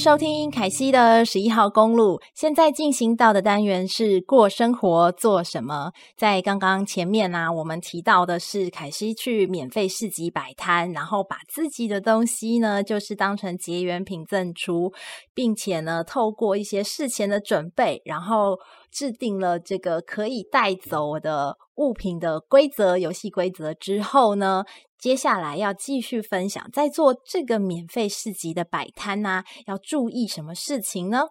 收聽凱西的十一號公路，現在進行到的單元是過生活做什麼？在剛剛前面呢、啊，我們提到的是凱西去免費市集擺攤，然後把自己的東西呢，就是當成結緣品贈出，並且呢，透過一些事前的準備，然後制定了這個可以帶走的物品的規則，遊戲規則之後呢。接下來要繼續分享，在做這個免費市集的擺攤吶，要注意什麼事情呢？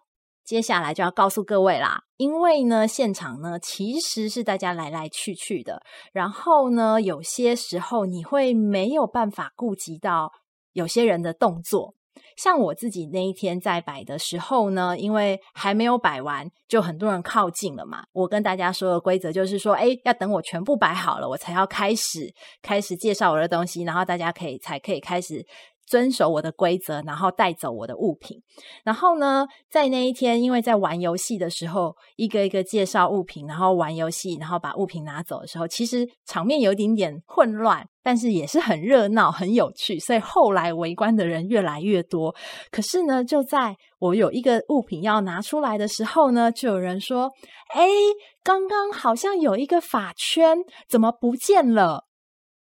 接下來就要告訴各位啦，因為呢，現場呢，其實是大家來來去去的，然後呢，有些時候你會沒有辦法顧及到有些人的動作。像我自己那一天在擺的時候呢，因為還沒有擺完，就很多人靠近了嘛。我跟大家說的規則就是說，欸，要等我全部擺好了，我才要開始，開始介紹我的東西，然後大家可以，才可以開始。遵守我的規則，然後帶走我的物品。然後呢，在那一天，因為在玩遊戲的時候，一個一個介紹物品，然後玩遊戲，然後把物品拿走的時候，其實場面有點點混亂，但是也是很熱鬧、很有趣。所以後來圍觀的人越來越多。可是呢，就在我有一個物品要拿出來的時候呢，就有人說：“哎，剛剛好像有一個髮圈，怎麼不見了？”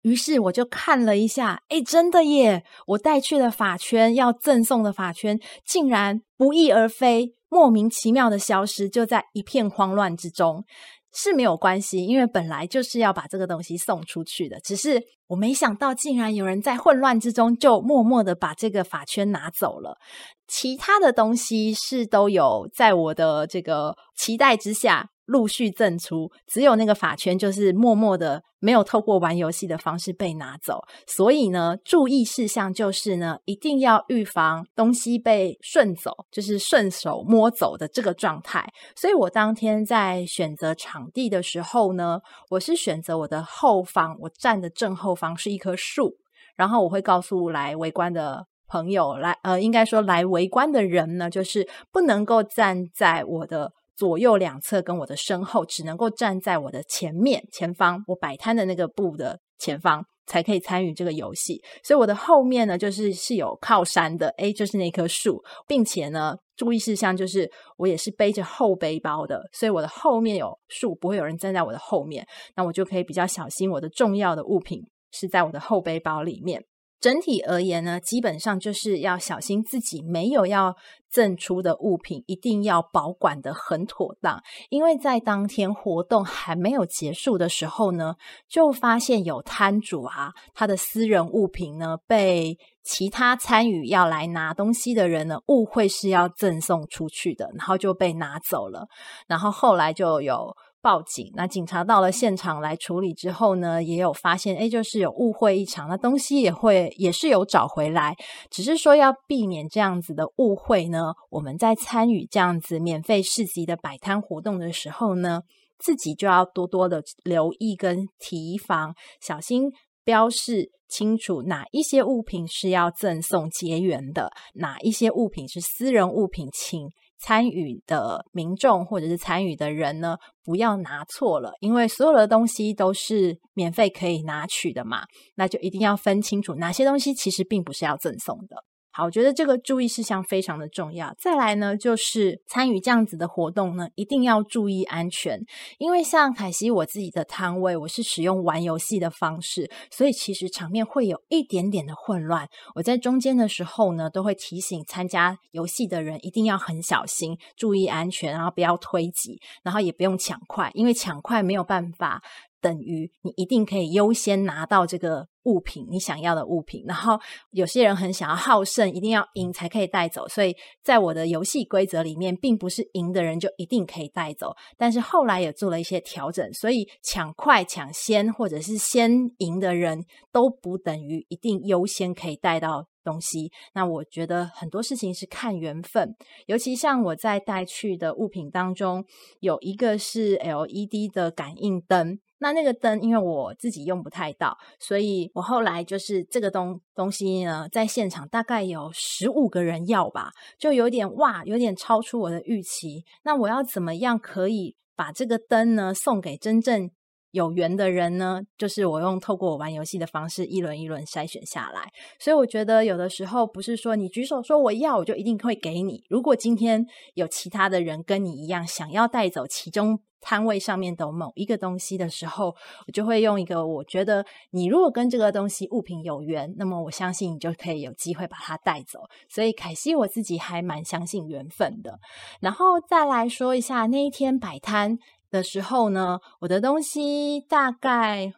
於是我就看了一下，誒，真的耶！我帶去了髮圈，要贈送的髮圈，竟然不翼而飛，莫名其妙的消失，就在一片慌亂之中。是沒有關係，因為本來就是要把這個東西送出去的，只是我沒想到，竟然有人在混亂之中就默默的把這個髮圈拿走了。其他的東西是都有在我的這個期待之下。陸續贈出，只有那個法圈就是默默的沒有透過玩遊戲的方式被拿走。所以呢，注意事項就是呢，一定要預防東西被順走，就是順手摸走的這個狀態。所以我當天在選擇場地的時候呢，我是選擇我的後方，我站的正後方是一棵樹，然後我會告訴來圍觀的朋友，來呃，應該說來圍觀的人呢，就是不能夠站在我的。左右兩側跟我的身後，只能夠站在我的前面前方，我擺攤的那個布的前方才可以參與這個遊戲。所以我的後面呢，就是是有靠山的，誒，就是那棵樹，並且呢，注意事項就是我也是背着後背包的，所以我的後面有樹，不會有人站在我的後面，那我就可以比較小心，我的重要的物品是在我的後背包裡面。整體而言呢，基本上就是要小心自己沒有要贈出的物品，一定要保管得很妥當。因為在當天活動還沒有結束的時候呢，就發現有攤主啊，他的私人物品呢，被其他參與要來拿東西的人呢，誤會是要贈送出去的，然後就被拿走了。然後後來就有。報警，那警察到了現場來處理之後呢，也有發現，誒，就是有誤會一場，那東西也會也是有找回來，只是說要避免這樣子的誤會呢。我們在參與這樣子免費市集的擺攤活動的時候呢，自己就要多多的留意跟提防，小心標示清楚哪一些物品是要贈送結緣的，哪一些物品是私人物品，請。參與的民眾或者是參與的人呢，不要拿錯了，因為所有的東西都是免費可以拿取的嘛，那就一定要分清楚哪些東西其實並不是要贈送的。好，我覺得這個注意事項非常的重要。再來呢，就是參與這樣子的活動呢，一定要注意安全。因為像凱西我自己的攤位，我是使用玩遊戲的方式，所以其實場面會有一點點的混亂。我在中間的時候呢，都會提醒參加遊戲的人一定要很小心，注意安全，然後不要推擠，然後也不用搶快，因為搶快沒有辦法等於你一定可以優先拿到這個物品，你想要的物品。然後有些人很想要好勝，一定要贏才可以帶走。所以在我的遊戲規則裡面，並不是贏的人就一定可以帶走。但是後來也做了一些調整，所以搶快、搶先或者是先贏的人都不等於一定優先可以帶到。東西，那我覺得很多事情是看緣分，尤其像我在帶去的物品當中，有一個是 LED 的感應燈，那那個燈因為我自己用不太到，所以我後來就是這個東東西呢，在現場大概有十五個人要吧，就有點哇，有點超出我的預期，那我要怎麼樣可以把這個燈呢送給真正有緣的人呢，就是我用透過我玩遊戲的方式，一輪一輪篩選下來。所以我覺得有的時候不是說你舉手說我要，我就一定會給你。如果今天有其他的人跟你一樣想要帶走其中攤位上面的某一個東西的時候，我就會用一個我覺得你如果跟這個東西物品有緣，那麼我相信你就可以有機會把它帶走。所以凱西我自己還蠻相信緣分的。然後再來說一下那一天擺攤的時候呢，我的東西大概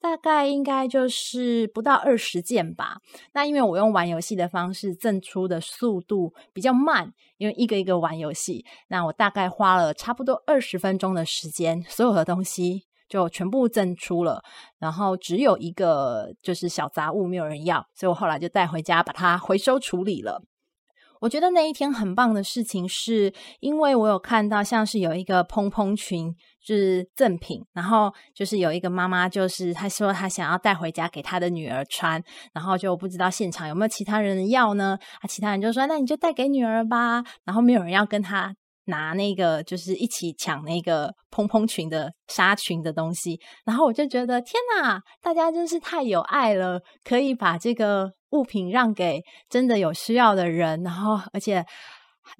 大概應該就是不到二十件吧。那因為我用玩遊戲的方式贈出的速度比較慢，因為一個一個玩遊戲，那我大概花了差不多二十分鐘的時間，所有的東西就全部贈出了。然後只有一個就是小雜物沒有人要，所以我後來就帶回家把它回收處理了。我覺得那一天很棒的事情，是因為我有看到像是有一個蓬蓬裙是贈品，然後就是有一個媽媽，就是她說她想要帶回家給她的女兒穿，然後就不知道現場有沒有其他人要呢？啊，其他人就說那你就帶給女兒吧，然後沒有人要跟她。拿那個就是一起搶那個蓬蓬裙的紗裙的東西，然後我就覺得天吶，大家真是太有愛了，可以把這個物品讓給真的有需要的人，然後而且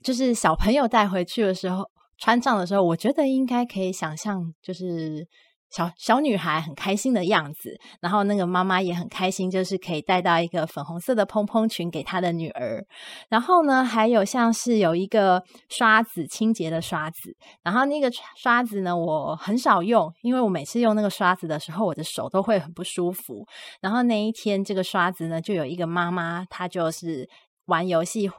就是小朋友帶回去的時候，穿上的時候，我覺得應該可以想象就是。小小女孩很開心的樣子，然後那個媽媽也很開心，就是可以帶到一個粉紅色的蓬蓬裙給她的女兒。然後呢，還有像是有一個刷子，清潔的刷子。然後那個刷子呢，我很少用，因為我每次用那個刷子的時候，我的手都會很不舒服。然後那一天，這個刷子呢，就有一個媽媽，她就是玩遊戲。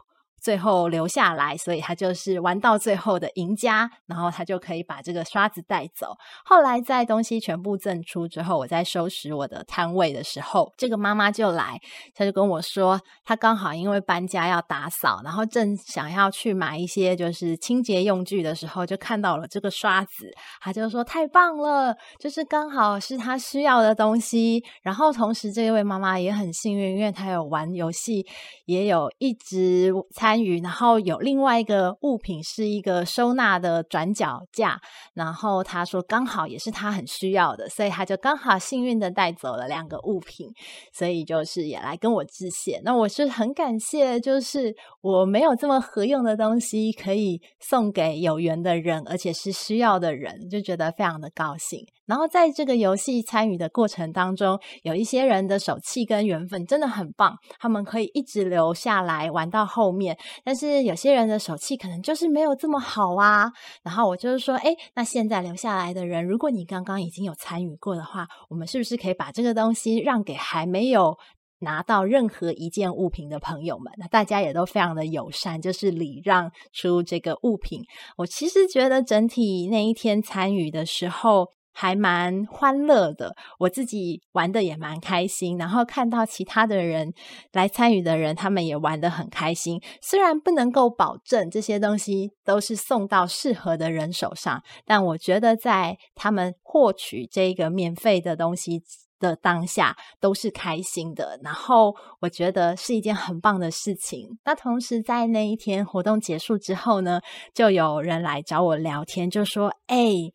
最後留下來，所以他就是玩到最後的贏家，然後他就可以把這個刷子帶走。後來在東西全部贈出之後，我在收拾我的攤位的時候，這個媽媽就來，她就跟我說，她剛好因為搬家要打掃，然後正想要去買一些就是清潔用具的時候，就看到了這個刷子，她就說太棒了，就是剛好是她需要的東西。然後同時，這位媽媽也很幸運，因為她有玩遊戲，也有一直參與。參與，然後有另外一個物品是一個收納的轉角架，然後他說剛好也是他很需要的，所以他就剛好幸運的帶走了兩個物品，所以就是也來跟我致謝。那我是很感謝，就是我沒有這麼合用的東西可以送給有緣的人，而且是需要的人，就覺得非常的高興。然後在這個遊戲參與的過程當中，有一些人的手氣跟緣分真的很棒，他們可以一直留下來玩到後面。但是有些人的手氣可能就是沒有這麼好啊。然後我就是說，誒、欸，那現在留下來的人，如果你剛剛已經有參與過的話，我們是不是可以把這個東西讓給還沒有拿到任何一件物品的朋友們？那大家也都非常的友善，就是禮讓出這個物品。我其實覺得整體那一天參與的時候。還蠻歡樂的，我自己玩的也蠻開心，然後看到其他的人來參與的人，他們也玩得很開心。雖然不能夠保證這些東西都是送到適合的人手上，但我覺得在他們獲取這個免費的東西。的當下都是開心的，然後我覺得是一件很棒的事情。那同時在那一天活動結束之後呢，就有人來找我聊天，就說：“欸，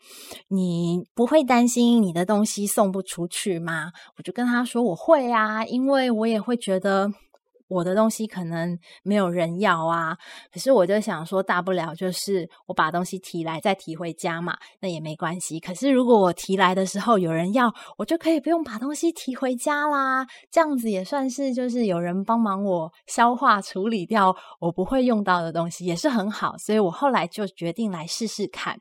你不會擔心你的東西送不出去嗎？”我就跟他說：“我會啊，因為我也會覺得。”我的東西可能沒有人要啊，可是我就想說，大不了就是我把東西提來再提回家嘛，那也沒關係。可是如果我提來的時候有人要，我就可以不用把東西提回家啦。這樣子也算是就是有人幫忙我消化處理掉我不會用到的東西，也是很好。所以我後來就決定來試試看。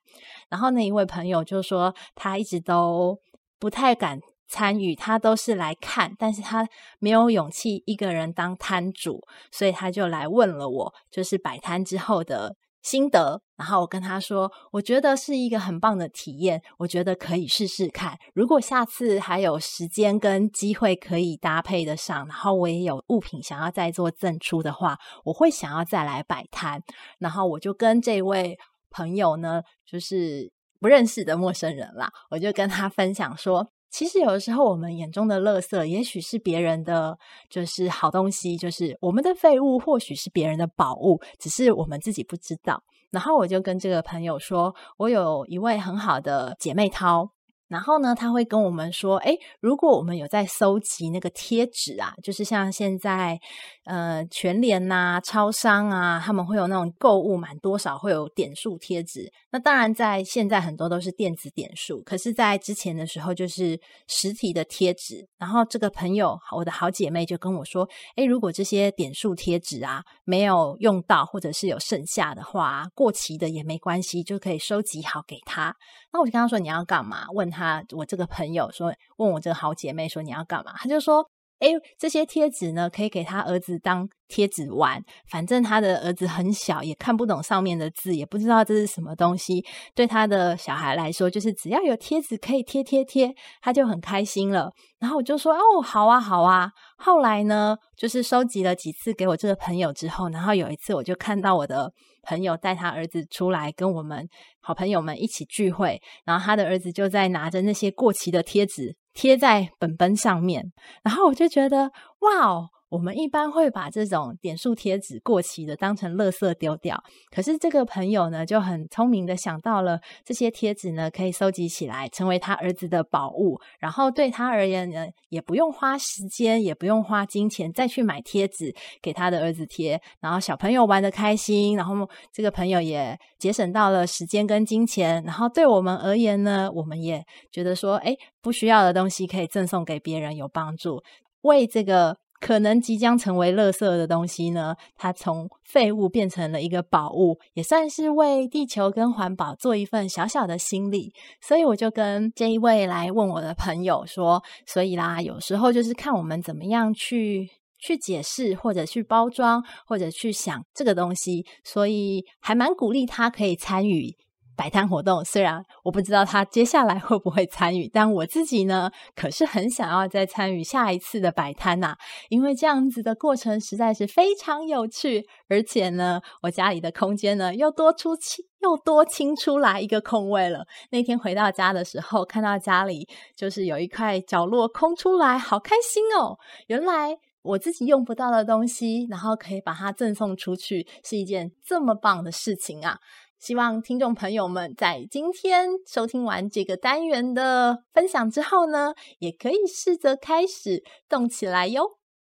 然後那一位朋友就說，他一直都不太敢。參與他都是來看，但是他沒有勇氣一個人當攤主，所以他就來問了我，就是擺攤之後的心得。然後我跟他說，我覺得是一個很棒的體驗，我覺得可以試試看。如果下次還有時間跟機會可以搭配得上，然後我也有物品想要再做贈出的話，我會想要再來擺攤。然後我就跟這位朋友呢，就是不認識的陌生人啦，我就跟他分享說，其實有的時候，我們眼中的垃圾，也許是別人的，就是好東西，就是我們的廢物，或許是別人的寶物，只是我們自己不知道。然後我就跟這個朋友說，我有一位很好的姐妹淘，然後呢，她會跟我們說，誒，如果我們有在蒐集那個貼紙啊，就是像現在。呃，全聯吶、啊、超商啊，他們會有那種購物滿多少會有點數貼紙。那當然，在現在很多都是電子點數，可是，在之前的時候就是實體的貼紙。然後這個朋友，我的好姐妹就跟我說：“誒、欸、如果這些點數貼紙啊沒有用到，或者是有剩下的話、啊，過期的也沒關係，就可以收集好給他。”那我就跟他說：“你要幹嘛？”問他，我這個朋友說：“問我這個好姐妹說你要幹嘛？”他就說，哎，這些貼紙呢，可以給他兒子當貼紙玩。反正他的兒子很小，也看不懂上面的字，也不知道這是什麼東西。對他的小孩來說，就是只要有貼紙可以貼貼貼，他就很開心了。然後我就說：“哦，好啊，好啊。”後來呢，就是收集了幾次給我這個朋友之後，然後有一次我就看到我的朋友帶他兒子出來跟我們好朋友們一起聚會，然後他的兒子就在拿着那些過期的貼紙。貼在本本上面，然後我就覺得，哇哦！我們一般會把這種點數貼紙過期的當成垃圾丟掉。可是這個朋友呢，就很聰明的想到了這些貼紙呢，可以收集起來成為他兒子的寶物。然後對他而言呢，也不用花時間，也不用花金錢再去買貼紙給他的兒子貼。然後小朋友玩得開心，然後這個朋友也節省到了時間跟金錢。然後對我們而言呢，我們也覺得說，哎，不需要的東西可以贈送給別人，有幫助，為這個。可能即將成為垃圾的東西呢，它從廢物變成了一個寶物，也算是為地球跟環保做一份小小的心力。所以我就跟這一位來問我的朋友說，所以啦，有時候就是看我們怎麼樣去去解釋，或者去包裝，或者去想這個東西，所以還蠻鼓勵他可以參與擺攤活動，雖然我不知道他接下來會不會參與，但我自己呢可是很想要再參與下一次的擺攤吶，因為這樣子的過程實在是非常有趣，而且呢，我家裡的空間呢又多出清又多清出來一個空位了。那天回到家的時候，看到家裡就是有一塊角落空出來，好開心哦！原來我自己用不到的東西，然後可以把它贈送出去，是一件這麼棒的事情啊！希望聽眾朋友們在今天收聽完這個單元的分享之後呢，也可以試着開始動起來喲。